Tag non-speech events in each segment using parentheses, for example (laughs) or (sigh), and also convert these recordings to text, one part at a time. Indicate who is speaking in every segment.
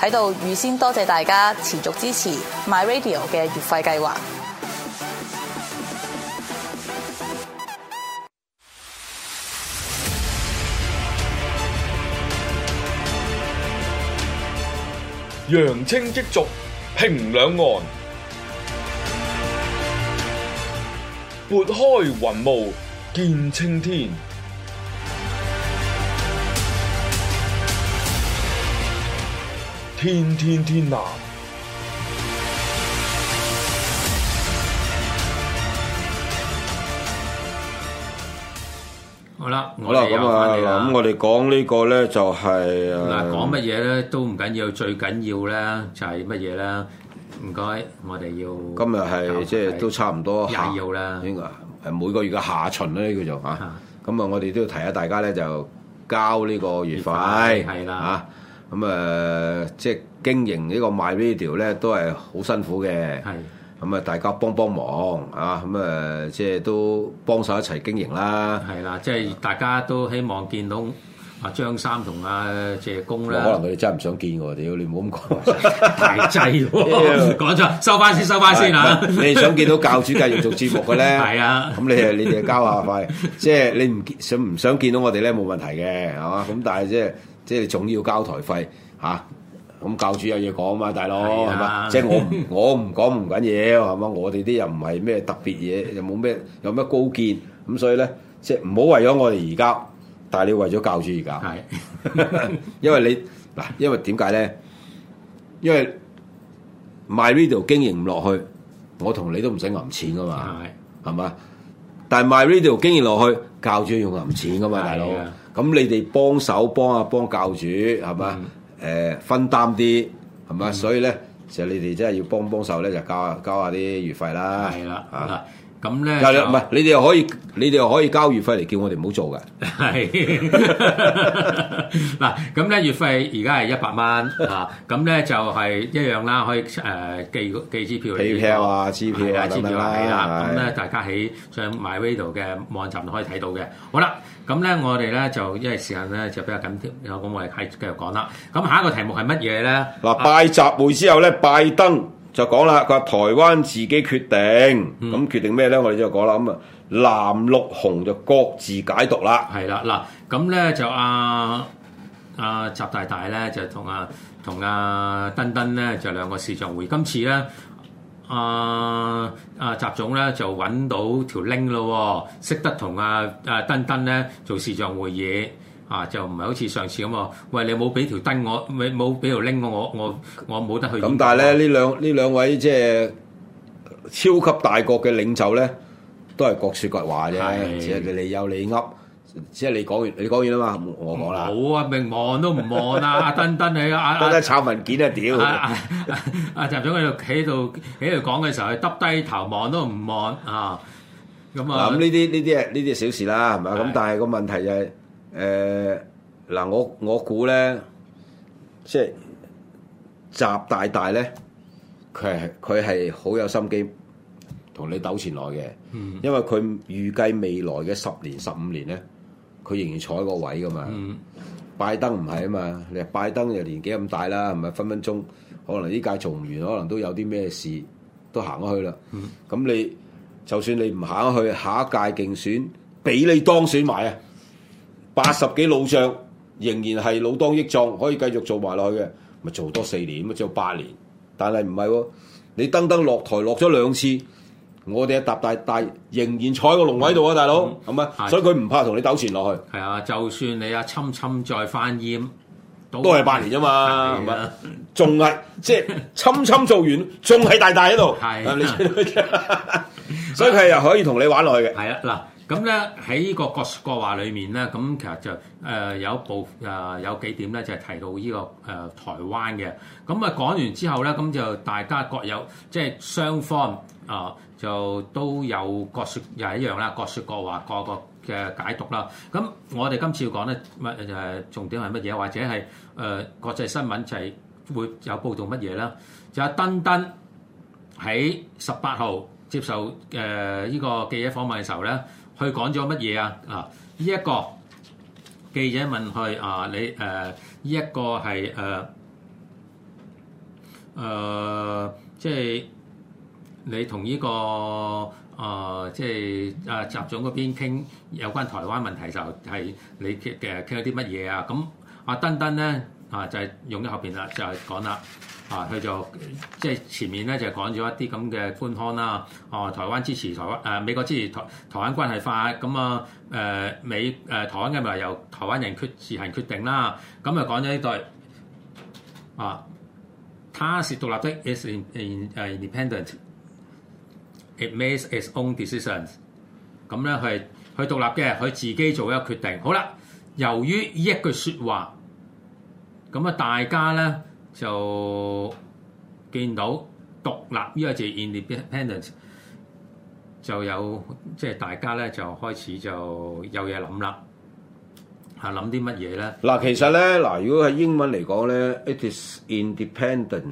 Speaker 1: 喺度預先多謝大家持續支持 MyRadio 嘅月費計劃。
Speaker 2: 揚清激濁，平兩岸，撥開雲霧
Speaker 1: 見青天。天天天藍。好啦，好啦，咁啊，
Speaker 2: 咁我哋講呢個咧就係嗱，講乜
Speaker 1: 嘢咧都唔緊要，最緊要咧就係乜嘢咧？唔該，我哋要今日係即係都差唔多廿二號啦，
Speaker 2: 應該係每個月嘅下旬咧叫做嚇。咁啊，我哋都要提下大家咧，就交呢個月費係啦啊。咁啊、嗯，即係經營呢個賣 video 咧，都係好辛苦嘅。係咁啊，大家幫幫
Speaker 1: 忙啊，咁、嗯、啊，
Speaker 2: 即係都
Speaker 1: 幫手一齊經營啦。係啦，即、就、係、是、大家都希望見到阿、啊、張三同阿、啊、謝公咧。可能佢
Speaker 2: 哋真係唔想見我哋，你唔好咁講， (laughs) (laughs)
Speaker 1: 太滯了。講咗， (laughs) 收翻先，收翻先啊！ (laughs) 你想見到教主繼續做節目嘅咧？係啊的。咁 (laughs) 你、就
Speaker 2: 是、你哋交下費，即係你唔想唔想見到我哋咧，冇問題嘅，係嘛？咁但係即係。即係總要交台費嚇，咁、啊、教主有嘢講嘛，大佬、啊，即係我我唔講唔緊要，係嘛？我哋啲又唔係咩特別嘢，又冇咩有咩高見，咁所以咧，即係唔好為咗我哋而搞，但係你為咗教主而搞、啊， (laughs) 因為你嗱，因為點解咧？因為 MyRadio 經營唔落去，我同你都唔使揞錢噶嘛，係嘛、啊？但係 MyRadio 經營落去，教主要揞錢噶嘛，大佬。咁你哋幫手幫啊幫教主係嘛？誒、嗯呃、分擔啲係嘛？嗯、所以咧，其實你哋真係要幫幫手咧，就交、啊、交下、啊、啲月費啦。係啦的。
Speaker 1: 啊咁咧，
Speaker 2: 唔係你哋又可以，你哋又可以交月費嚟，叫我哋唔好做嘅。係
Speaker 1: 嗱，咁咧月費而家係一百蚊啊！咁咧就係一樣啦，可以誒寄寄支票嚟。起票啊，支票啊，支票啊，係啦。咁咧大家喺上 MyRadio 嘅網站度可以睇到嘅。好啦，咁咧我哋咧就因為時間咧就比較緊貼，有咁我哋喺繼續講啦。咁下一個題目係乜嘢咧？
Speaker 2: 嗱，拜習會之後咧，拜登。就講啦，佢話台灣自己決定，咁、嗯、決定咩咧？我哋就講啦，咁啊藍綠紅就各自解讀啦。係啦，
Speaker 1: 嗱咁咧就阿、啊、阿、啊、習大大咧就同阿同阿登登咧就兩個視像會議。今次咧，阿、啊、阿、啊、習總咧就揾到條 link 咯，識得同阿阿登登咧做視像會議。啊，就唔係好似上次咁喎！喂，你冇俾條燈我，你冇俾條拎我，我我我冇得去。咁但係咧，
Speaker 2: 呢兩呢兩位即係超級大國嘅領袖咧，都係各説各話啫，只係是的 你有你噏，只係你講完你講完啊嘛，我講啦。
Speaker 1: 冇啊，明望都唔望 (laughs) 啊！阿登登，你、啊，阿阿墩摷文件啊屌！阿、啊、習總喺度喺度喺度講嘅時候，佢耷低頭望都唔望啊！咁啊咁呢啲
Speaker 2: 呢啲啊呢啲、嗯、小事啦，係嘛的？咁 (laughs) 但係個問題就係、是。誒嗱、呃，我我估咧，即係習大大咧，佢係佢係好有心機同你鬥前來嘅，因為佢預計未來嘅十年十五年咧，佢仍然坐喺個位㗎嘛。嗯、拜登唔係啊嘛，你拜登又年紀咁大啦，係咪分分鐘可能呢屆做唔完，可能都有啲咩事都行咗去啦。咁、嗯、你就算你唔行去下一屆競選，俾你當選埋啊！八十幾老將仍然係老當益壯，可以繼續做埋落去嘅，咪做多四年，咪做八年。但係唔係，你登登落台落咗兩次，我哋一搭大大仍然坐喺個龍位度啊，大佬。咁啊，所以佢唔怕同你糾纏落去。
Speaker 1: 係啊，就算你啊，侵侵再翻煙，都係八年啫嘛，咪、啊？
Speaker 2: 係咪即係侵侵做
Speaker 1: 完，仲係大大喺度。係、啊， (laughs) 所以佢又可以同你玩落去嘅。係啊，嗱、啊。咁咧喺呢個各説各話裏面咧，咁其實就誒有一部誒有幾點咧，就係提到呢、這個誒台灣嘅。咁啊講完之後咧，咁就大家各有即係雙方啊，就都有各説又一樣啦，各説各話，各個嘅解讀啦。咁我哋今次要講咧，乜誒重點係乜嘢，或者係誒、呃、國際新聞就係會有報導乜嘢啦？就阿登登喺十八號接受誒呢、呃這個記者訪問嘅時候咧。佢講咗乜嘢啊？嗱，呢一個記者問佢啊，你誒呢、呃、一個係誒誒，即係你同呢、呢個啊、呃，即係啊，習總嗰邊傾有關台灣問題就係你嘅傾咗啲乜嘢啊？咁阿丹丹咧？啊，就係用咗後邊啦，就係講啦。啊，佢就即係、就是、前面咧就講咗一啲咁嘅官腔啦。哦、啊，台灣支持台灣，誒，美國支持台台灣關係法，咁啊誒，美誒、啊，台灣嘅咪由台灣人決自行決定啦。咁啊講咗呢句啊，他是獨立的，is is independent，it makes its own decisions。咁咧佢係佢獨立嘅，佢自己做一個決定。好啦，由於呢一句說話。咁啊，大家咧就見到獨立呢個字 independent 就有即係大家咧就開始就有嘢諗啦。嚇諗啲乜嘢咧？
Speaker 2: 嗱，其實咧嗱，如果喺英文嚟講咧，it is independent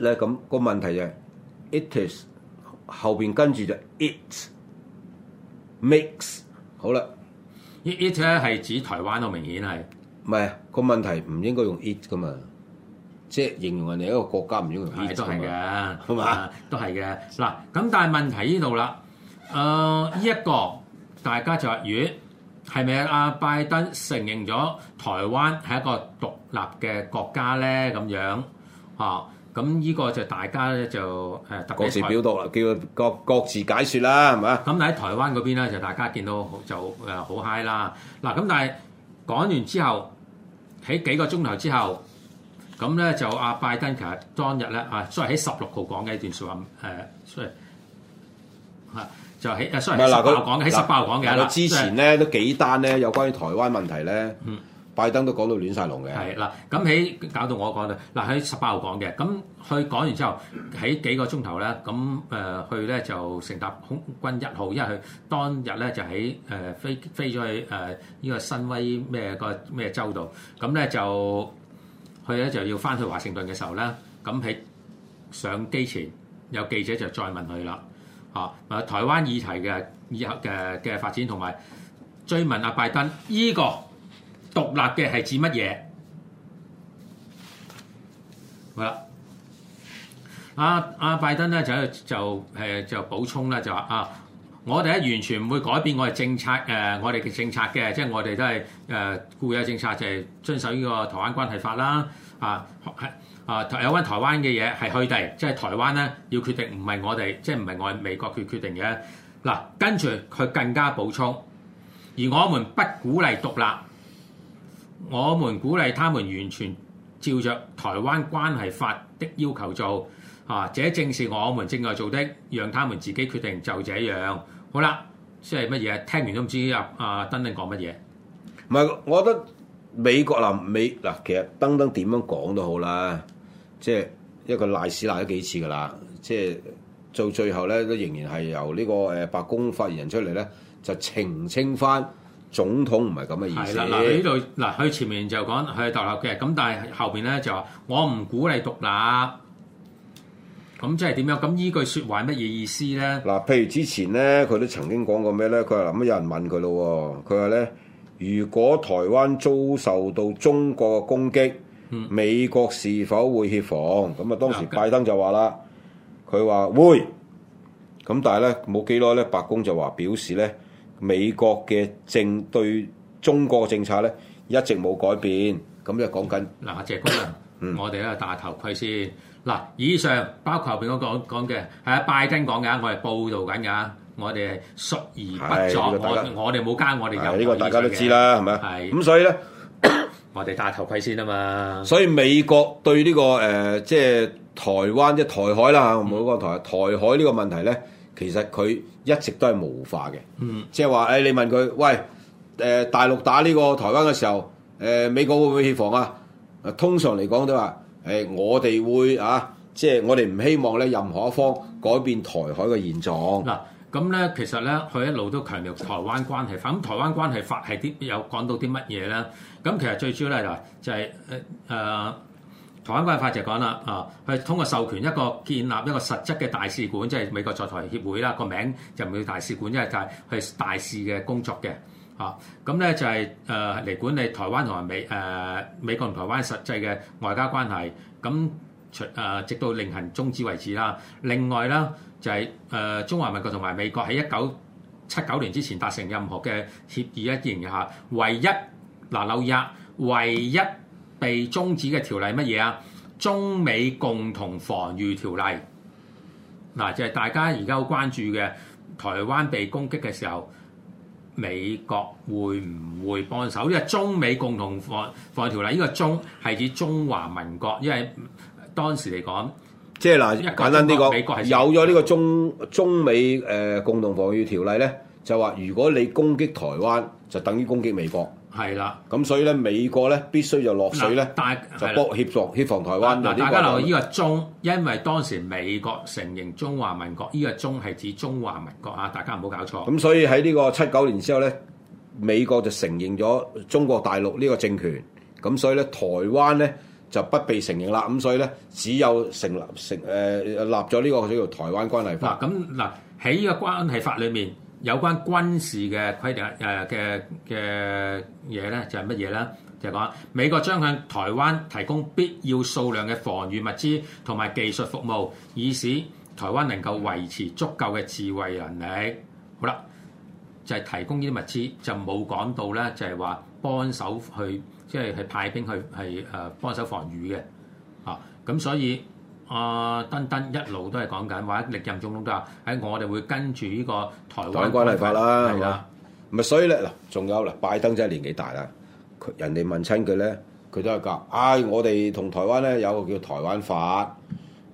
Speaker 2: 咧，咁個問題就係 it is 後邊跟住就 it makes 好啦。it it 咧係
Speaker 1: 指台灣咯，明
Speaker 2: 顯係。唔係個問題，唔應該用 it、e、噶嘛，即係形容人哋一個國家唔應該用 it，都係嘅，係嘛？
Speaker 1: 都係嘅。嗱咁吧，但係問題呢度啦，誒呢一個大家就話，咦、啊，果係咪阿拜登承認咗台灣係一個獨立嘅國家咧？咁樣嚇咁呢個就大家咧就誒。啊、各自表達
Speaker 2: 啦，叫各各
Speaker 1: 自解説啦，係嘛？咁喺台灣嗰邊咧，就大家見到就誒好 high 啦、啊。嗱咁，但係講完之後。喺幾個鐘頭之後，咁咧就阿、啊、拜登其實當日咧啊，雖然喺十六號講嘅一段説話誒，雖然嚇就喺雖然係講嘅喺十八號講嘅，之前
Speaker 2: 咧以都幾單咧有關於台灣問題咧。嗯拜登都講到亂晒龍嘅，係
Speaker 1: 啦。咁喺搞到我講到，嗱喺十八號講嘅，咁佢講完之後，喺幾個鐘頭咧，咁誒佢咧就乘搭空軍一號，因為佢當日咧就喺誒、呃、飛飛咗去誒呢個新威咩個咩州度，咁咧就佢咧就要翻去華盛頓嘅時候咧，咁喺上機前有記者就再問佢啦，嚇、啊，台灣議題嘅嘅嘅發展同埋追問阿、啊、拜登呢、這個。獨立嘅係指乜嘢？係、啊、啦，阿、啊、阿拜登咧就就誒就補充咧，就話啊，我哋咧完全唔會改變我哋政策誒、呃，我哋嘅政策嘅，即、就、係、是、我哋都係誒、呃、固有政策，就係、是、遵守呢個台灣關係法啦。啊，係啊，有關台灣嘅嘢係佢哋，即、就、係、是、台灣咧要決定，唔係我哋，即係唔係外美國決決定嘅嗱、啊。跟住佢更加補充，而我們不鼓勵獨立。我們鼓勵他們完全照着台灣關係法的要求做，啊！這正是我們正在做的，讓他們自己決定。就這樣，好啦，即係乜嘢？聽完都唔知阿阿登登講乜嘢。
Speaker 2: 唔、啊、係，我覺得美國嗱美嗱、啊，其實登登點樣講都好啦，即係一個賴屎賴咗幾次噶啦，即係到最後咧都仍然係由呢個誒白宮發言人出嚟咧，就澄清翻。總統唔係咁嘅意思。係啦，嗱，呢度，
Speaker 1: 嗱，佢前面就講佢獨立嘅，咁但係後邊咧就話我唔鼓勵獨立，咁即係點樣？咁依句説話乜嘢意思咧？嗱，
Speaker 2: 譬如之前咧，佢都曾經講過咩咧？佢話嗱，咁有人問佢咯、哦，佢話咧，如果台灣遭受到中國嘅攻擊，嗯、美國是否會協防？咁啊，當時拜登就話啦，佢話、嗯、說會，咁但係咧冇幾耐咧，白宮就話表示咧。美國嘅政對中國嘅政策咧，一直冇改變，咁就講緊
Speaker 1: 嗱，謝、啊、君啊，嗯、我哋咧戴頭盔先。嗱、啊，以上包括後邊嗰講嘅，係啊，拜登講嘅，我係報導緊嘅，我哋係述而不作，這個、我哋冇加，我哋有呢、這個大家都知啦，係咪啊？咁的的、嗯、所以咧， (coughs) 我哋戴頭盔先啊嘛。
Speaker 2: 所以美國對呢、這個誒、呃，即係台灣即係台海啦，我唔好講台台海呢個問題咧。其實佢一直都係模糊化嘅，即係話誒，你問佢，喂，誒、呃、大陸打呢個台灣嘅時候，誒、呃、美國會唔會協防啊？通常嚟講都話，誒、呃、我哋會啊，即係我哋唔希望咧任何一方改變台海嘅現狀。嗱、
Speaker 1: 嗯，咁咧其實咧，佢一路都強調台灣關係法，咁台灣關係法係啲有講到啲乜嘢咧？咁其實最主要咧嗱，就係誒誒。呃台灣關係法就講啦，啊，佢通過授權一個建立一個實質嘅大使館，即、就、係、是、美國在台協會啦，個名就唔叫大使館，因為就係、是、去大，、就是、大使嘅工作嘅，啊，咁咧就係誒嚟管理台灣同埋美誒、啊、美國同台灣實際嘅外交關係。咁除誒直到另行終止為止啦、啊。另外啦，就係、是、誒、啊、中華民國同埋美國喺一九七九年之前達成任何嘅協議一言下，唯一嗱紐約唯一。被終止嘅條例乜嘢啊？中美共同防御條例，嗱、啊、就係、是、大家而家好關注嘅，台灣被攻擊嘅時候，美國會唔會幫手？因、這、為、個、中美共同防防禦條例，呢、這個中係指中華民國，因為當時嚟講，即係是嗱，一個 簡單啲講，國美國係有
Speaker 2: 咗呢個中中美誒、呃、共同防御條例咧，就話如果你攻擊台灣，就等於攻擊美國。係啦，咁所以咧，美國咧必須就落水咧，就幫協防協防台灣。嗱但，這個 大家留意呢個
Speaker 1: 中，因為當時美國承認中華民國，呢、這個中係指中華民國啊，大家唔好搞錯。咁
Speaker 2: 所以喺呢個七九年之後咧，美國就承認咗中國大陸呢個政權，咁所以咧，台灣咧就不被承認啦，咁所以咧，只有成立成誒、呃、立咗呢、這個叫做台灣關係法。嗱，咁
Speaker 1: 嗱喺呢個關係法裡面。有關軍事嘅規定，誒嘅嘅嘢咧就係乜嘢咧？就係講美國將向台灣提供必要數量嘅防禦物資同埋技術服務，以使台灣能夠維持足夠嘅自衛能力。好啦，就係提供呢啲物資，就冇講到咧，就係話幫手去，即係去派兵去，係誒幫手防禦嘅。啊，咁所以。啊，登登、呃、一路都係講緊，或者歷任總統都話喺我哋會跟住呢個台灣，台灣關係法啦，
Speaker 2: 係啊的，唔係所以咧嗱，仲有嗱，拜登真係年紀大啦，佢人哋問親佢咧，佢都係講，唉、哎，我哋同台灣咧有個叫台灣法，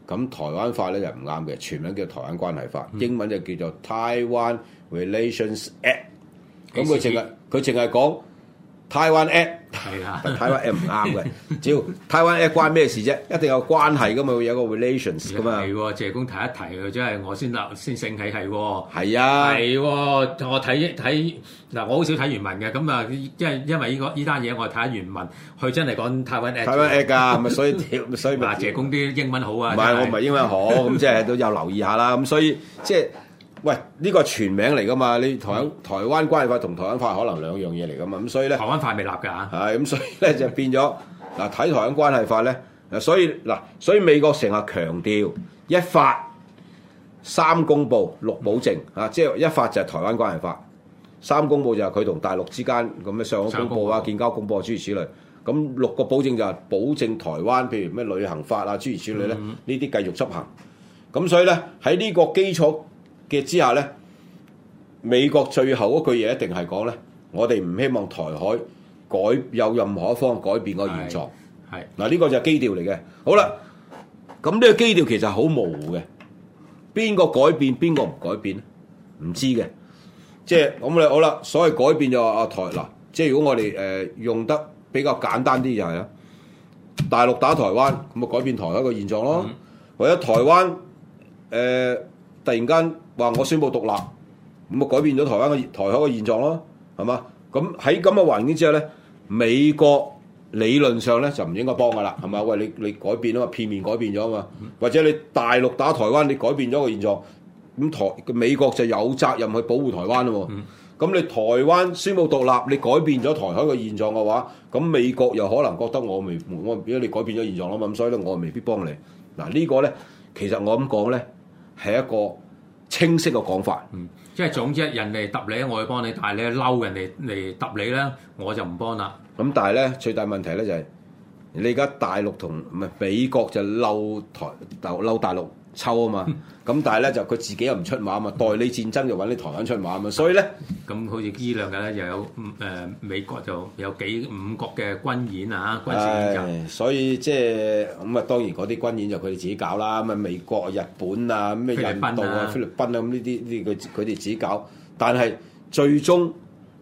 Speaker 2: 咁台灣法咧就唔啱嘅，全名叫台灣關係法，嗯、英文就叫做 Taiwan Relations Act。
Speaker 1: 咁佢淨係
Speaker 2: 佢淨係講。台灣 app，係啊台， (laughs) 台灣 app 唔啱嘅。只要台灣 app 關咩事啫？一定有關係噶
Speaker 1: 嘛，會有個 relations 噶嘛。係喎，謝工提一提佢，真係我先留先醒起係喎。係啊，係喎、啊啊啊，我睇睇嗱，我好少睇原文嘅。咁啊，因為因為依個依單嘢，我係睇下原文，佢真係講台灣 app。台灣 app 㗎，咪所以所以。嗱，謝工啲英文好啊。唔係，我唔係英文好，咁即係都有留意下啦。咁所以即係。喂，
Speaker 2: 呢個全名嚟噶嘛？你台灣、台灣關係法同台灣法可能兩樣嘢嚟噶嘛？咁所以咧，台灣法未立嘅嚇。係咁，所以咧就變咗嗱睇台灣關係法咧，所以嗱，所以美國成日強調一法三公佈六保證啊，即係一法就係台灣關係法，三公佈就係佢同大陸之間咁嘅上海公佈啊、建交公佈諸如此類，咁六個保證就係保證台灣，譬如咩旅行法啊諸如此類咧，呢啲繼續執行。咁所以咧喺呢個基礎嘅之下咧，美國最後嗰句嘢一定係講咧，我哋唔希望台海改有任何一方改變個現狀。
Speaker 1: 係嗱，
Speaker 2: 呢、這個就係基調嚟嘅。好啦，咁呢個基調其實好模糊嘅，邊個改變邊個唔改變咧？唔知嘅。即係咁我哋好啦，所謂改變就阿、啊、台嗱，即係如果我哋誒、呃、用得比較簡單啲就係、是、啦，大陸打台灣咁啊改變台灣個現狀咯，嗯、或者台灣誒、呃、突然間。話我宣布獨立，咁啊改變咗台灣嘅台海嘅現狀咯，係嘛？咁喺咁嘅環境之下咧，美國理論上咧就唔應該幫噶啦，係嘛？喂，你你改變啊嘛，片面改變咗啊嘛，或者你大陸打台灣，你改變咗個現狀，咁台美國就有責任去保護台灣咯。咁、嗯、你台灣宣布獨立，你改變咗台海嘅現狀嘅話，咁美國又可能覺得我未我變咗你改變咗現狀啦嘛，咁所以咧我未必幫你。嗱呢個咧，其實我咁講咧係一個。清晰嘅講法，
Speaker 1: 嗯，即係總之人，人哋揼你我會幫你；但係你嬲人哋嚟揼你咧，我就唔幫啦。
Speaker 2: 咁但係咧，最大問題咧就係、是。你而家大陸同唔係美國就嬲台嬲大陸抽啊嘛，咁但係咧就佢自己又唔出馬啊嘛，代理戰爭就揾啲台灣出馬啊嘛，所以咧
Speaker 1: 咁 (laughs) 好似呢兩日咧又有誒、呃、美國就有幾五國嘅軍演啊，軍事演習、 (laughs) 呃，
Speaker 2: 所以即係咁啊，當然嗰啲軍演就佢哋自己搞啦，咪美國、日本啊、咩印度啊、菲律賓啊咁，呢啲呢個佢哋自己搞，但係最終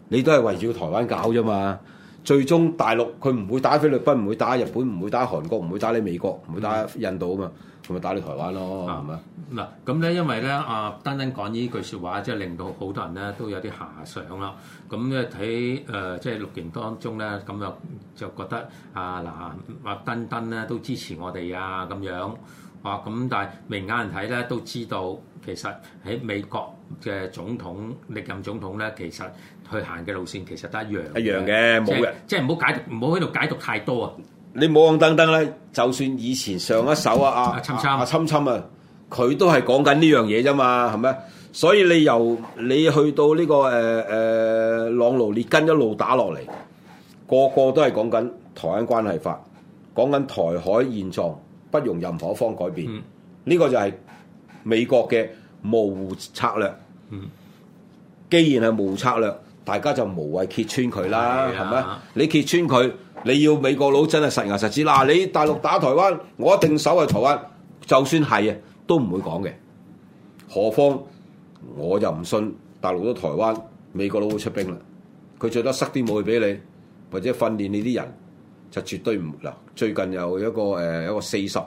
Speaker 2: 你都係圍繞台灣搞啫嘛。最終大陸佢唔會打菲律賓，唔會打日本，唔會打韓國，唔會打你美國，唔會打
Speaker 1: 印度啊嘛，咁咪打你台灣咯，係咪、啊？嗱嗎，咁咧、啊，因為咧，啊，單單講呢句説話，即、就、係、是、令到好多人咧都有啲遐想啦。咁咧睇誒，即係綠營當中咧，咁又就覺得啊，嗱、啊，阿登登咧都支持我哋啊，咁樣。啊，咁但係明眼人睇咧都知道，其實喺美國嘅總統歷任總統咧，其實去行嘅路線其實都一樣一樣嘅，冇嘅，即係唔好解唔好喺度解讀太多啊！
Speaker 2: 你唔好講等等，就算以前上一手啊啊，啊啊啊啊，佢都係講緊呢樣嘢啫嘛，係咪？所以你由你去到呢、呢個誒誒、呃呃，朗奴列根一路打落嚟，個個都係講緊台灣關係法，講緊台海，海現狀。不容任何方改變，呢、嗯、個就係美國嘅模糊策略。嗯、既然係模糊策略，大家就無謂揭穿佢啦，係咪啊？你揭穿佢，你要美國佬真係實牙實齒。嗱，你大陸打台灣，我一定守衛台灣。就算係啊，都唔會講嘅。何況，我就唔信大陸都台灣，美國佬會出兵啦。佢最多塞啲武器俾你，或者訓練你啲人。就絕對唔啦！最近有一個誒，有、呃、一個四十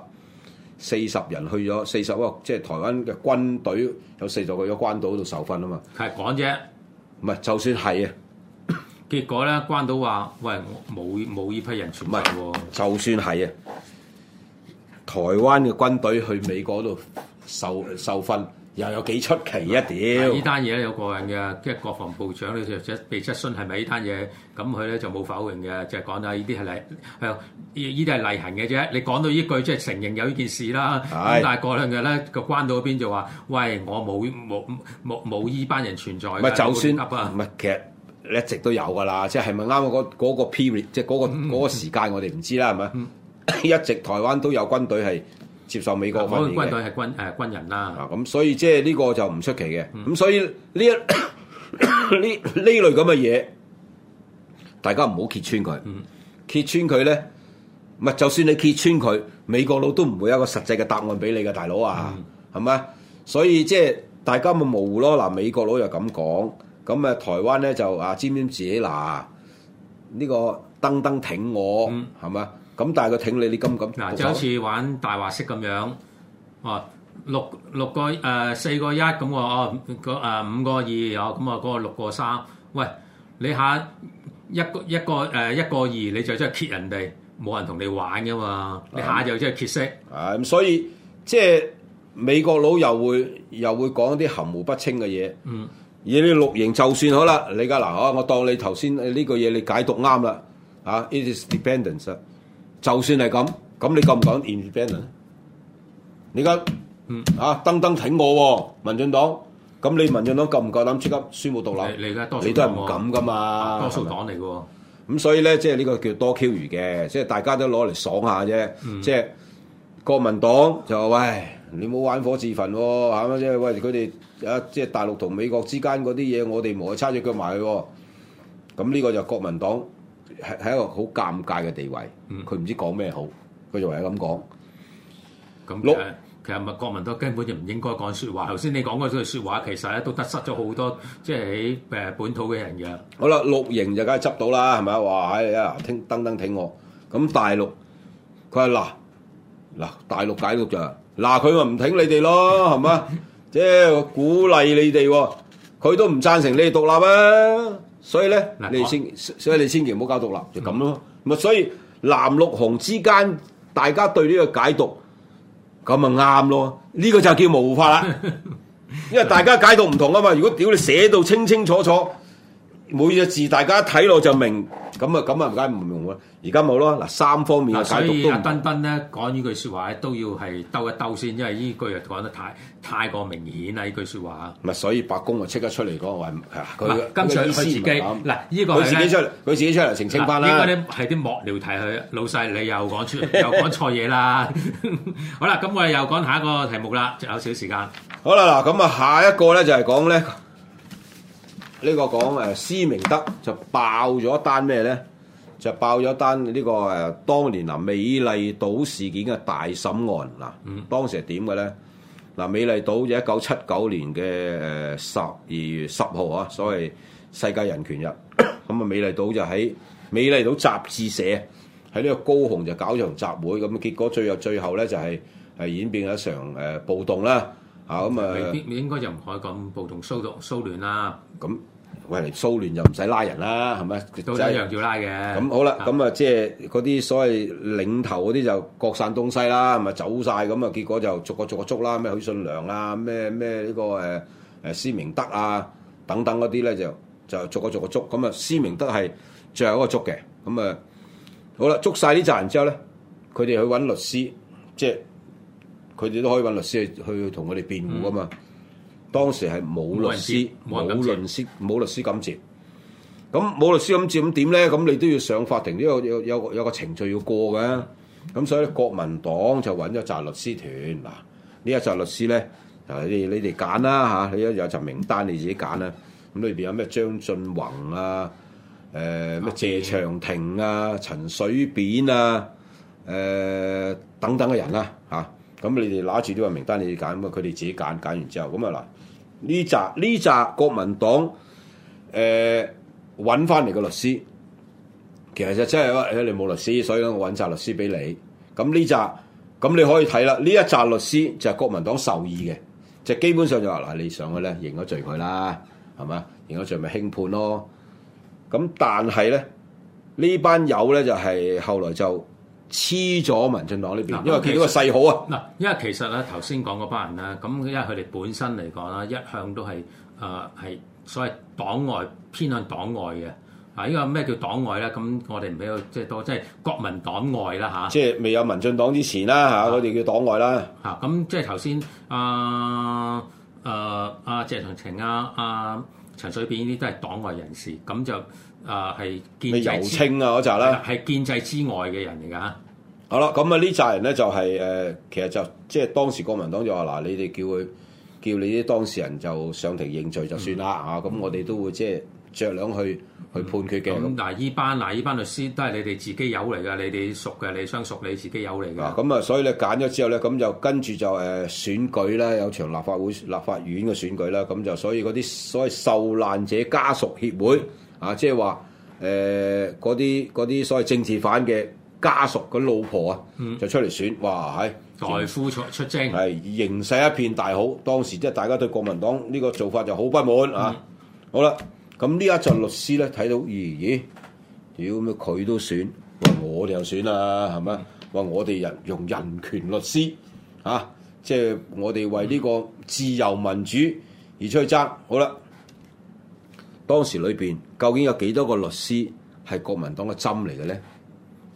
Speaker 2: 四十人去咗四十個，即係台灣嘅軍隊有四十個去咗關島度
Speaker 1: 受訓啊嘛！係講啫，唔係就算係啊，結果咧關島話：喂，冇冇呢批人存在喎！
Speaker 2: 就算係啊，台灣嘅軍隊去美國度受受訓。又有幾出奇一、啊、屌！呢
Speaker 1: 單嘢咧有過癮嘅，即係國防部長咧就即被質詢係咪呢單嘢？咁佢咧就冇否認嘅，就係講啦，呢啲係例，呢啲係例行嘅啫。你講到依句即係承認有呢件事啦，咁是但係過兩日咧，個關到邊就話，喂，我冇冇冇冇依班人存在，唔係不不就算啊，唔
Speaker 2: 係其實一直都有噶啦，即係係咪啱嗰嗰個 period，即係嗰、嗯、個嗰個時間，我哋唔知啦，係咪吧？一直台灣都有軍隊係。接受美國訓練
Speaker 1: 嘅軍隊係軍、呃、軍
Speaker 2: 人啦。啊，咁所以即係呢個就唔出奇嘅。咁、嗯、所以呢一呢呢 (coughs) 類咁嘅嘢，大家唔好揭穿佢。嗯、揭穿佢咧，唔就算你揭穿佢，美國佬都唔會有一個實際嘅答案俾你嘅，大佬啊，係咪、嗯？所以即係大家咪模糊咯。嗱，美國佬又咁講，咁誒台灣咧就啊沾沾自喜嗱，呢、呢個登登登挺我，係咪、嗯？咁但係佢挺你，你咁咁嗱，就好似
Speaker 1: 玩大話式咁樣哦，六六個誒、呃、四個一咁喎、哦、五個二有咁啊，嗰、哦嗯嗯那個六個三。喂，你下一個一個誒、呃、一個二，你就真係揭人哋冇人同你玩嘅嘛？你下就真係揭席。係咁、嗯
Speaker 2: 嗯，所以即係美國佬又會又會講啲含糊不清嘅嘢。
Speaker 1: 嗯，
Speaker 2: 而你六型就算好啦，李家嗱哦，我當你頭先呢個嘢你解讀啱啦啊。It is dependent. 就算係咁，咁你敢唔敢連住 band 你而家、嗯、啊登登挺我喎、哦，民進黨。咁你民進黨夠唔夠膽即刻宣佈獨立？嗯、你而家多數黨你都係唔敢噶嘛、啊？多數黨
Speaker 1: 嚟嘅。
Speaker 2: 咁、嗯、所以咧，即係呢個叫多 q 餘嘅，即係大家都攞嚟爽下啫。嗯、即係國民黨就話：喂，你冇玩火自焚喎、哦、嘛！即係喂佢哋啊，即係大陸同美國之間嗰啲嘢，我哋冇去插隻腳埋去。咁呢個就國民黨。係係一個好尷尬嘅地位，佢唔、嗯、知講咩好，佢就唯有咁講。
Speaker 1: 咁六，其實麥國民都根本就唔應該講說話。頭先你講嗰句說話，其實咧都得失咗好多，即係喺誒本土嘅人嘅。
Speaker 2: 好啦，綠營就梗係執到啦，係咪啊？哇！唉、哎、呀，聽登登挺我。咁大陸，佢話嗱嗱大陸解讀就嗱佢咪唔挺你哋咯，係嘛？即係 (laughs) 我鼓勵你哋，佢都唔贊成你哋獨立啊！所以咧，嗯、你先，嗯、所以你千祈唔好搞獨立，就咁咯。咁所以藍綠紅之間，大家對呢個解讀，咁咪啱咯。呢、呢個就叫模糊化啦， (laughs) 因為大家解讀唔同啊嘛。如果屌你寫到清清楚楚。每隻字大家睇落就明，咁啊咁啊，唔解唔明而家冇咯，嗱三方面嘅解讀。所以阿斌
Speaker 1: 斌咧講呢句説話都要係兜一兜先，因為呢句説得太，太過明顯啦。呢句説話。
Speaker 2: 唔係，所以白宮啊即刻出嚟講話，佢跟住佢自己。嗱、啊，這個、呢個佢自己出嚟，佢自己出嚟澄清翻啦。呢啲係
Speaker 1: 啲幕僚提，佢老細你又講出嚟，又講錯嘢啦。 (laughs) (laughs) 好啦，咁我哋又講下一個題目啦，仲有少時間。
Speaker 2: 好啦，嗱咁啊，下一個咧就係講咧。 (laughs) 呢個講誒施明德就爆咗一單咩咧？就爆咗一單呢個誒，當年嗱美麗島事件嘅大審案嗱。當時係點嘅咧？嗱美麗島就一九七九年嘅誒十二月十號啊，所謂世界人權日，咁啊美麗島就喺美麗島雜誌社喺呢個高雄就搞咗場集會，咁結果最後最後咧就係係演變咗一場誒暴動啦。啊咁未
Speaker 1: 必，你應該就唔可以咁暴動騷、騷亂啦。咁，喂，騷亂就唔使拉人啦，係咪？都一樣要拉嘅。咁好
Speaker 2: 啦，咁啊，即係嗰啲所謂領頭嗰啲就各散東西啦，咪走晒。咁啊，結果就逐個逐個捉啦，咩許信良啊，咩咩呢個誒誒施明德啊，等等嗰啲咧就就逐個逐個捉。咁、嗯、啊，施、嗯、明德係最後一個捉嘅。咁啊，好啦，捉曬啲人之後咧，佢哋去揾律師,師,師，即係。佢哋都可以揾律師去去同佢哋辯護噶嘛？當時係冇律師，冇律師，冇律師敢接。咁冇律師敢接咁點咧？咁你都要上法庭，因為有有有個程序要過嘅。咁所以國民黨就揾咗紮律師團嗱，呢一紮律師咧、啊，啊你哋揀啦嚇，你一有紮名單你自己揀啦。咁裏邊有咩張俊宏啊、誒、啊、咩、啊啊啊、謝長廷啊、陳水扁啊、誒、啊、等等嘅人啦嚇。啊咁你哋攞住呢個名單，你哋揀，咁佢哋自己揀，揀完之後，咁啊嗱，呢集，呢扎國民黨誒揾翻嚟嘅律師，其實就真係話誒，你冇律師，所以我揾紮律師俾你。咁呢扎咁你可以睇啦，呢一紮律師就國民黨授意嘅，就係，基本上就話，係，嗱，你上去咧認咗罪佢啦，係嘛？認咗罪咪輕判咯。咁但係咧呢班友咧就係後來就。黐咗民進黨呢邊，因為佢呢個勢好啊。
Speaker 1: 嗱，因為其實咧頭先講嗰班人咧，咁因為佢哋本身嚟講啦，一向都係誒係所謂黨外偏向黨外嘅。啊，呢個咩叫黨外咧？咁我哋唔比較即係多，即係國民黨外啦吓，啊、即係
Speaker 2: 未有民進黨之前啦吓，佢、啊、哋、啊、叫黨
Speaker 1: 外啦。嚇、啊，咁、嗯、即係頭先阿誒阿謝長廷啊、阿、呃、陳水扁呢啲都係黨外人士，咁就。啊，係建制尤清啊，嗰紮咧，係建制之外嘅人嚟噶。
Speaker 2: 好啦，咁啊呢扎人咧就係誒，其實就即係當時國民黨就話嗱，你哋叫佢叫你啲當事人就上庭認罪就算啦啊，咁我哋都會即係酌量去去判決嘅。咁
Speaker 1: 但係呢班嗱，呢班律師都係你哋自己友嚟噶，你哋熟嘅，你相熟你自己友嚟嘅。
Speaker 2: 咁啊，所以咧揀咗之後咧，咁就跟住就誒選舉啦，有場立法會、立法院嘅選舉啦。咁就所以嗰啲所謂受難者家屬協會。啊，即係話誒，嗰啲啲所謂政治犯嘅家屬嘅老婆啊，嗯、就出嚟選，哇係、哎、代夫出出征，係形勢一片大好。當時即係大家對國民黨呢個做法就好不滿啊。嗯、好啦，咁呢一群律師咧睇到，咦，咦，屌咩佢都選，話我哋又選啦，係咪啊？話、嗯、我哋人用人權律師啊，即、就、係、是、我哋為呢個自由民主而出去爭。好啦。當時裏邊究竟有幾多個律師係國民黨嘅針
Speaker 1: 嚟嘅咧？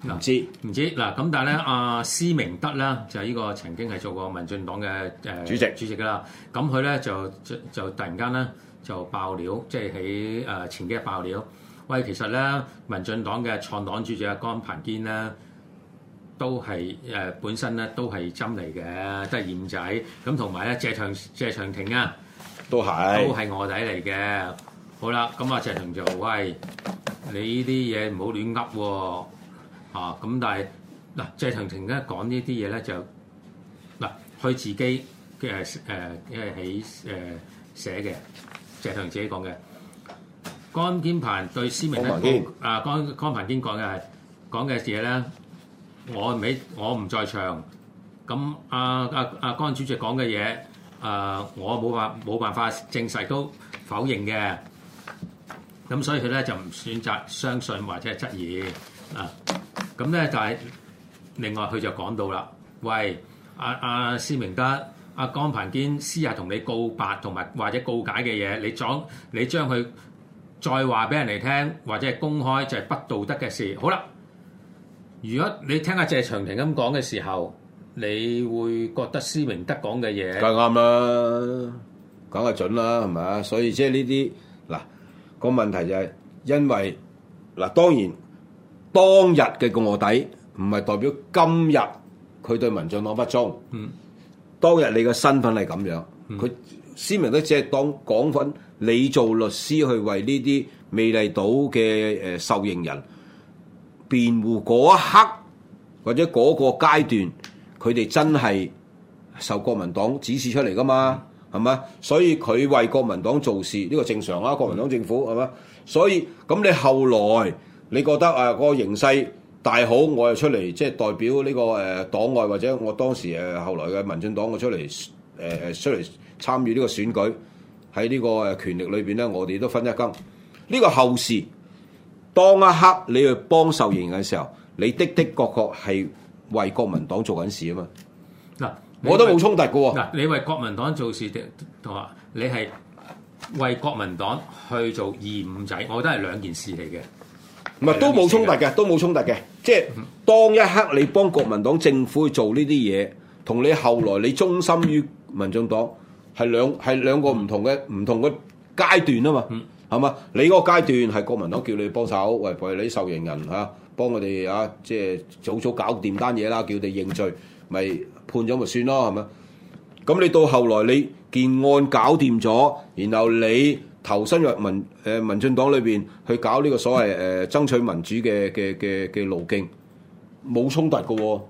Speaker 1: 唔知唔、啊、知嗱咁，但係咧阿施明德啦，就係、是、呢個曾經係做過民進黨嘅誒、呃、主席主席㗎喇。咁佢咧就就，就，就突然間咧就爆料，即係喺誒前幾日爆料，喂，其實咧民進黨嘅創黨主席阿江鵬堅咧都係誒、呃、本身咧都係針嚟嘅，都係燕仔咁，同埋咧謝長謝長廷啊，都係都係卧底嚟嘅。好啦，咁啊謝長廷就，喂，你呢啲嘢唔好亂噏喎、哦，啊咁但係嗱、啊，謝長廷咧講呢啲嘢咧就嗱，佢、啊、自己嘅誒，即係喺誒寫嘅，謝長廷自己講嘅，江鵬堅對施明德咧，oh、my 啊江江鵬堅講嘅係講嘅嘢咧，我唔喺，我唔在場，咁阿阿阿江主席講嘅嘢，啊我冇法冇辦法證實都否認嘅。咁所以佢咧就唔選擇相信或者質疑啊！咁咧就係另外佢就講到啦。喂，阿阿施明德、阿、啊、江鵬堅私下同你告白同埋或者告解嘅嘢，你將你將佢再話俾人哋聽或者係公開就係不道德嘅事。好啦，如果你聽阿謝長廷咁講嘅時候，你會覺得施明德講嘅嘢梗
Speaker 2: 啱啦，講得、啊、準啦、啊，係咪啊？所以即係呢啲。個問題就係，因為嗱，當然當日嘅臥底唔係代表今日佢對民進黨不忠。
Speaker 1: 嗯、
Speaker 2: 當日你嘅身份係咁樣，佢思、嗯、明都只係當港粉。你做律師去為呢啲美麗島嘅誒受刑人辯護嗰一刻，或者嗰個階段，佢哋真係受國民黨指示出嚟㗎嘛？嗯係嘛，所以佢為國民黨做事呢個正常啦。國民黨政府係嘛，所以咁你後來你覺得啊、呃那個形勢大好，我又出嚟即係代表呢、這個誒黨、呃、外或者我當時誒、呃、後來嘅民進黨我出嚟誒、呃、出嚟參與呢個選舉喺呢個誒權力裏邊咧，我哋都分一羹。呢、這個後事當一刻你去幫受刑嘅時候，你的的確確係為國民黨做緊事啊嘛。
Speaker 1: 嗱。啊我都冇衝突㗎喎。嗱，你為國民黨做事，同學，你係為國民黨去做二五仔，我覺得係兩件事嚟嘅，
Speaker 2: 唔係是都冇衝突嘅，都冇衝突嘅。即係當一刻你幫國民黨政府去做呢啲嘢，同你後來你忠心於民眾黨係兩係兩個唔同嘅唔 (coughs) 同嘅階段啊嘛，係嘛？ (coughs) 你嗰個階段係國民黨叫你幫手，喂，為你受刑人嚇、啊、幫我哋嚇，即係早早搞掂單嘢啦，叫你認罪。咪判咗咪算咯，係咪？咁你到後來你件案搞掂咗，然後你投身入民誒、呃、民進黨裏邊去搞呢個所謂誒、呃、爭取民主嘅嘅嘅嘅路徑，冇衝突噶喎、哦，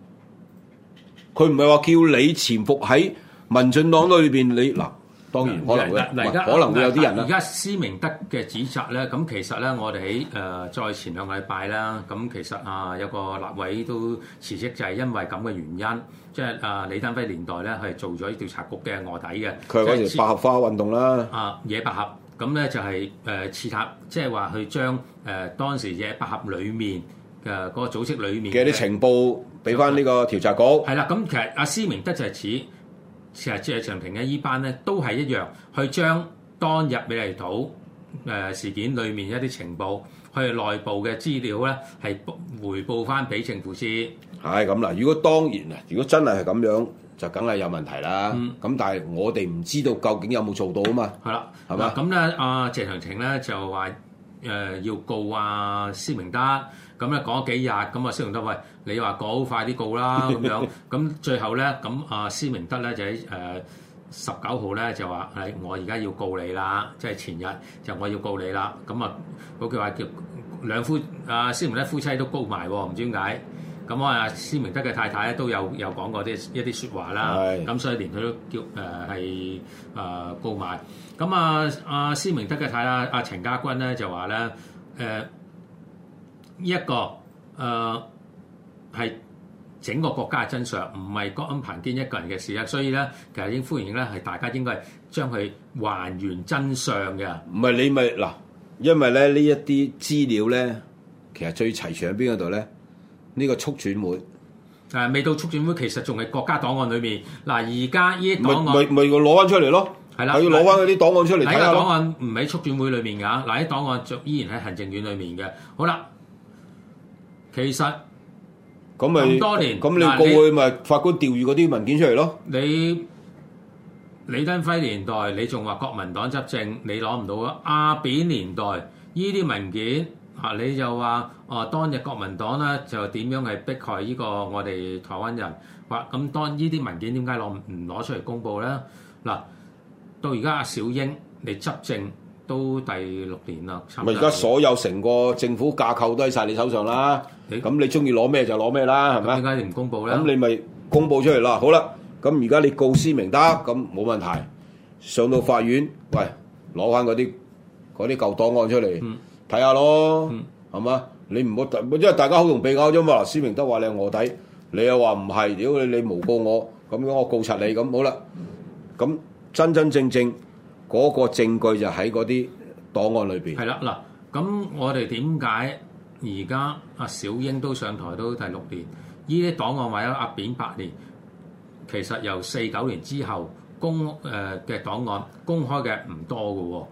Speaker 2: 佢唔係話叫你潛伏喺民進黨裏邊你嗱。當然，嗱嗱，而家可能會有啲人啦。而
Speaker 1: 家施明德嘅指責咧，咁其實咧，我哋喺誒再前兩個禮拜啦，咁其實啊，有個立委都辭職，就係因為咁嘅原因。即、就、係、是、啊，李登輝年代咧，佢係做咗調查局嘅臥底嘅。佢嗰時
Speaker 2: 百合花運動啦、就是。
Speaker 1: 啊，野百合咁咧就係誒刺塔，即係話佢將誒當時野百合裡面嘅嗰、啊那個組織裡面嘅啲情報俾翻呢個調查局。係啦就，咁其實阿施明德就係、是、似。其實謝長廷嘅呢班咧，都係一樣去將當日美麗島誒、呃、事件裏面一啲情報，佢內部嘅資料咧，係回報翻俾政府先。
Speaker 2: 係咁、哎、啦，如果當然啊，如果真係係咁樣，就梗係有問題啦。咁、嗯、但係我哋唔知道究竟有冇做到啊嘛。係、嗯、啦，係嘛吧。
Speaker 1: 咁咧，阿、呃、謝長廷咧就話誒、呃、要告阿、啊、施明德。咁咧講咗幾日，咁啊，施 (laughs) 明德，喂，你話告快啲告啦，咁樣，咁最後咧，咁啊，施明德咧就喺誒十九號咧就話係我而家要告你啦，即係前日就我要告你啦，咁啊，嗰句話叫兩夫啊施明德夫妻都告埋喎，唔知點解，咁啊，阿施明德嘅太太咧都有有講過啲一啲説話啦，咁 (laughs) 所以連佢都叫誒係、呃呃、啊告埋，咁啊阿施明德嘅太太阿陳、啊、家君咧就話咧誒。呃一、這個誒係、呃、整個國家嘅真相，唔係郭安彭堅一個人嘅事啊！所以咧，其實應歡迎咧，係大家應該係將佢還原真相嘅。
Speaker 2: 唔係你咪嗱，因為咧呢一啲資料咧，其實最齊全喺邊度咧？呢、這個速轉
Speaker 1: 會誒，未到速轉會，其實仲係國家檔案裏面。嗱，而家呢啲檔案咪
Speaker 2: 咪攞翻出嚟咯，
Speaker 1: 係啦，要攞翻嗰
Speaker 2: 啲檔案出嚟大家檔
Speaker 1: 案唔喺速轉會裏面㗎，嗱喺檔案就依然喺行政院裏面嘅。好啦。其實
Speaker 2: 咁多年咁，你過去咪法官調閱嗰啲文件出嚟咯？
Speaker 1: 你李登輝年代，你仲話國民黨執政，你攞唔到啊？阿扁年代呢啲文件啊，你就話啊、呃，當日國民黨咧就點樣係逼害呢個我哋台灣人？哇！咁當呢啲文件點解攞唔攞出嚟公佈咧？嗱，到而家阿小英你執政。都第六年啦，而家所
Speaker 2: 有成個政府架構都喺晒你手上啦，咁、欸、你中意攞咩就攞咩啦，係咪？點解唔公布咧？咁你咪公布出嚟啦，好啦，咁而家你告施明德，咁冇問題，上到法院，喂，攞翻嗰啲嗰啲舊檔案出嚟，睇下、嗯、咯，係嘛、嗯？你唔好，因為大家好容易比較啫嘛，施明德話你係臥底，你又話唔係，屌你你誣告我，咁樣我告柒你，咁好啦，咁真真正正，正。嗰個證據就喺嗰
Speaker 1: 啲檔案裏邊。係啦，嗱，咁我哋點解而家阿小英都上台都第六年，呢啲檔案話咗阿扁八年，其實由四九年之後公誒嘅、呃、檔案公開嘅唔多㗎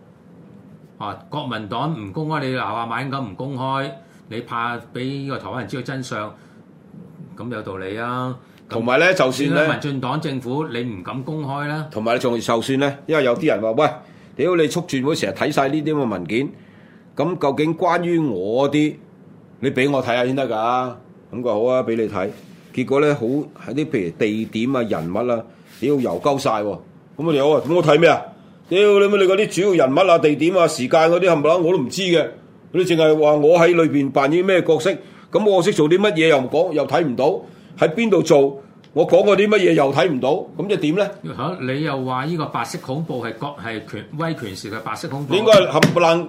Speaker 1: 喎，啊，國民黨唔公開，你嗱阿馬英九唔公開，你怕俾呢個台灣人知道真相，咁有道理啊？
Speaker 2: 同埋咧，就算咧，民進黨政
Speaker 1: 府你唔敢公開啦。
Speaker 2: 同埋你，仲就算咧，因為有啲人話，喂，屌你，促轉會成日睇晒呢啲咁嘅文件，咁究竟關於我啲，你俾我睇下先得噶。咁佢話好啊，俾你睇。結果咧，好喺啲譬如地點啊、人物啊，屌油鳩晒。咁你好啊，咁我睇咩啊？屌你乜？你嗰啲主要人物啊、地點啊、時間嗰啲係咪啦？我都唔知嘅。你淨係話我喺裏邊扮演咩角色？咁我識做啲乜嘢又唔講，又睇唔到。喺邊度做？我講過啲乜嘢又睇唔到，
Speaker 1: 咁即係點咧？吓、啊、你又話呢個白色恐怖係國係權威權時嘅白色恐怖？應該
Speaker 2: 冚唪唥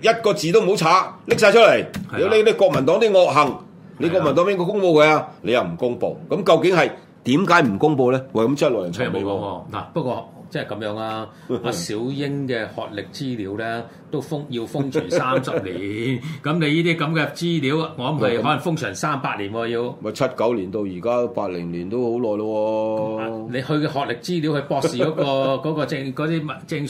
Speaker 2: 一個字都唔好查，拎晒出嚟。有呢啲國民黨啲惡行，你國民黨邊個公布佢啊？你又唔公布？咁究竟係點解唔
Speaker 1: 公布咧？喂，咁出內人出人命喎！嗱，不過。即係咁樣啦，阿小英嘅學歷資料咧都封要封存三十年，咁你呢啲咁嘅資料，我諗係可能封
Speaker 2: 存三百年喎要。咪七九年到而家八零年都好耐
Speaker 1: 咯。你去嘅學歷資料，去博士嗰個嗰個證嗰啲文證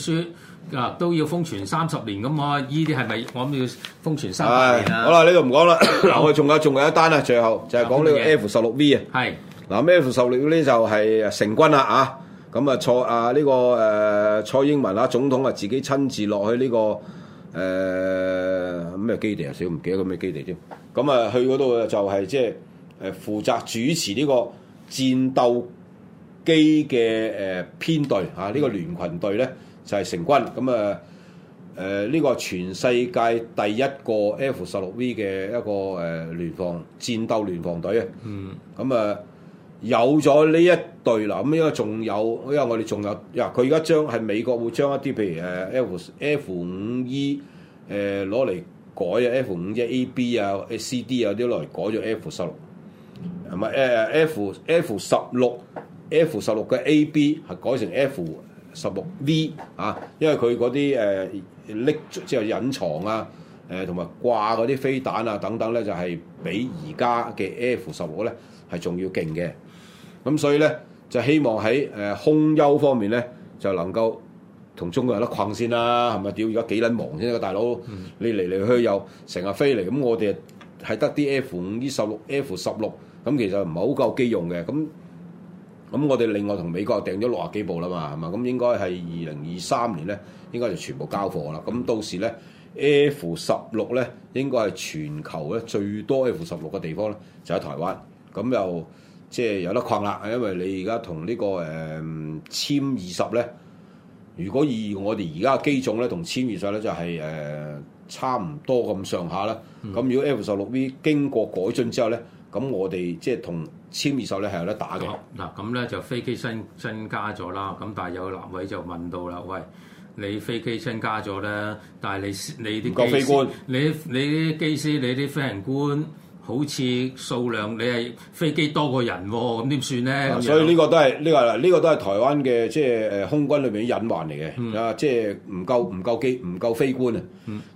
Speaker 1: 書啊，都要封存三十年咁啊！呢啲係咪我諗要封存三百年啊？好
Speaker 2: 啦，呢度唔講啦。嗱，我仲有仲有一單啊，最後就係講呢個 F 十六 V 啊。係嗱，F 十六呢就係成軍啦啊！咁啊蔡，啊呢個誒蔡英文啊總統啊自己親自落去呢個誒咩基地啊少，唔記得個咩基地添。咁啊去嗰度就係即係誒負責主持呢個戰鬥機嘅誒編隊啊，呢個聯群隊咧就係成軍。咁啊誒呢個全世界第一個 F 十六 V 嘅一個誒聯防戰鬥聯防隊啊。嗯。咁啊。有咗呢一隊啦，咁因為仲有，因為我哋仲有，佢而家將係美國會將一啲譬如誒 F,、e, 呃 F, e, F, F F 五 E 誒攞嚟改啊，F 五 E A B 啊、A C D 啊啲嚟改咗 F 十六，係咪誒 F F 十六 F 十六嘅 A B 係改成 F 十六 V 啊？因為佢嗰啲誒匿即係隱藏啊。誒同埋掛嗰啲飛彈啊等等咧，就係、是、比而家嘅 F 十六咧係仲要勁嘅。咁所以咧就希望喺誒、呃、空優方面咧，就能夠同中國人一框先啦，係咪？屌，而家幾撚忙先啊，大佬！嗯、你嚟嚟去又成日飛嚟，咁我哋係得啲 F 五、E 十、六、F 十六，咁其實唔係好夠機用嘅。咁咁我哋另外同美國訂咗六十幾部啦嘛，係嘛？咁應該係二零二三年咧，應該就全部交貨啦。咁到時咧。F 十六咧，應該係全球咧最多 F 十六嘅地方咧，就喺台灣。咁又即係、就是、有得框啦，因為你而家同呢個誒殲二十咧，如果以我哋而家機種咧同殲二十咧就係、是、誒、呃、差唔多咁上下啦。咁、嗯、如果 F 十六 V 經過改進之後咧，咁我哋即係同殲二十咧係有得打嘅。
Speaker 1: 嗱，咁咧就飛機新增加咗啦。咁但係有個男位就問到啦，喂？你飛機增加咗咧，但係你你啲飛官，你你啲機師，你啲飛行官，好似數量你係飛機多過人喎，咁點算咧？所以呢個
Speaker 2: 都係呢個呢個都係台灣嘅即係誒空軍裏面啲隱患嚟嘅，啊，即係唔夠唔夠機唔夠飛官啊！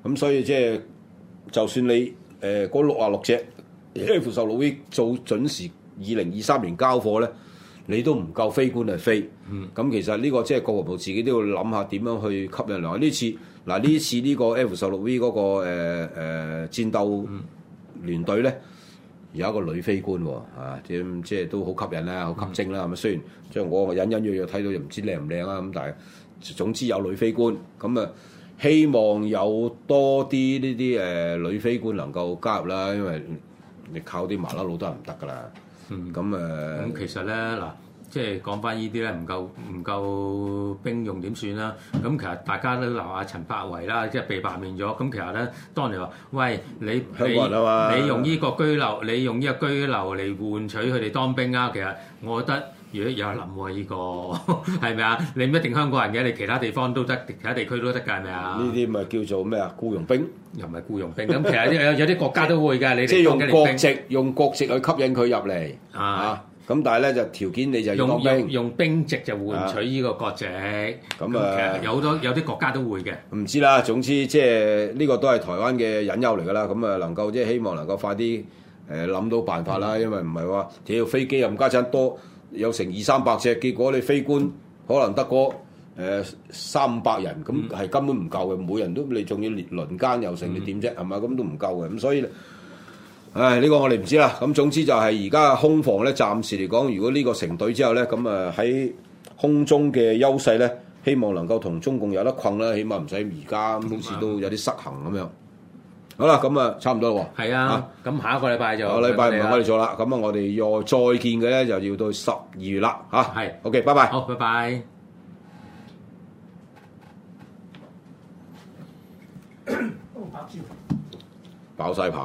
Speaker 2: 咁所以即係就算你誒嗰六啊六隻 F16V 做準時二零二三年交貨咧。你都唔夠飛官嚟飛，咁、嗯、其實呢個即係國防部自己都要諗下點樣去吸引嚟。呢次嗱，呢次呢個 F 十六 V 嗰、那個誒誒、呃呃、戰鬥聯隊咧，有一個女飛官喎、啊，啊，點、嗯、即係都好吸引啦、啊，好吸睛啦、啊，係咪先？雖然即係我隱隱約約睇到又唔知靚唔靚啦，咁但係總之有女飛官，咁、嗯、啊希望有多啲呢啲誒女飛官能夠加入啦，因為
Speaker 1: 你靠啲麻甩佬都係唔得㗎啦。嗯，咁誒，咁其實咧，嗱，即係講翻呢啲咧，唔夠唔夠兵用點算啦？咁其實大家都鬧阿陳柏惟啦，即係被罷免咗。咁其實咧，當然話，喂，你你用呢個居留，你用呢個居留嚟換取佢哋當兵啊？其實我覺得。如果又係諗喎呢個，係咪啊？你唔一定香港人嘅，你其他地方都得，其他地區都得㗎，係咪啊？
Speaker 2: 呢啲咪叫做咩啊？僱傭兵、嗯、又唔係僱傭兵咁， (laughs) 其
Speaker 1: 實有啲國家都會㗎。你即係用國籍，
Speaker 2: 用國籍去吸引佢入嚟啊！咁、啊、但係咧就條件你就兵用用用兵籍
Speaker 1: 就換取呢個國籍。咁啊，其實有好多有啲國家都會嘅。
Speaker 2: 唔、嗯嗯、知啦，總之即係呢個都係台灣嘅隱憂嚟㗎啦。咁啊，能夠即係、就是、希望能夠快啲誒諗到辦法啦，嗯、因為唔係話只要飛機又唔加親多。有成二三百隻，結果你飛官可能得個、呃、三百人，咁係根本唔夠嘅。每人都你仲要輪間又成，你點啫？係嘛，咁都唔夠嘅。咁所以，唉，呢、呢個我哋唔知啦。咁總之就係而家空防咧，暫時嚟講，如果呢個成隊之後咧，咁誒喺空中嘅優勢咧，希望能夠同中共有得困啦，起碼唔使而家咁好似都有啲失衡咁樣。好啦，咁啊，差唔多喎。
Speaker 1: 係啊，咁下一個禮拜就。下個禮拜唔係我哋做
Speaker 2: 啦，咁啊，我哋再再見嘅咧，就要到十二月啦，吓。係，OK，拜拜。好，拜拜。爆曬棚！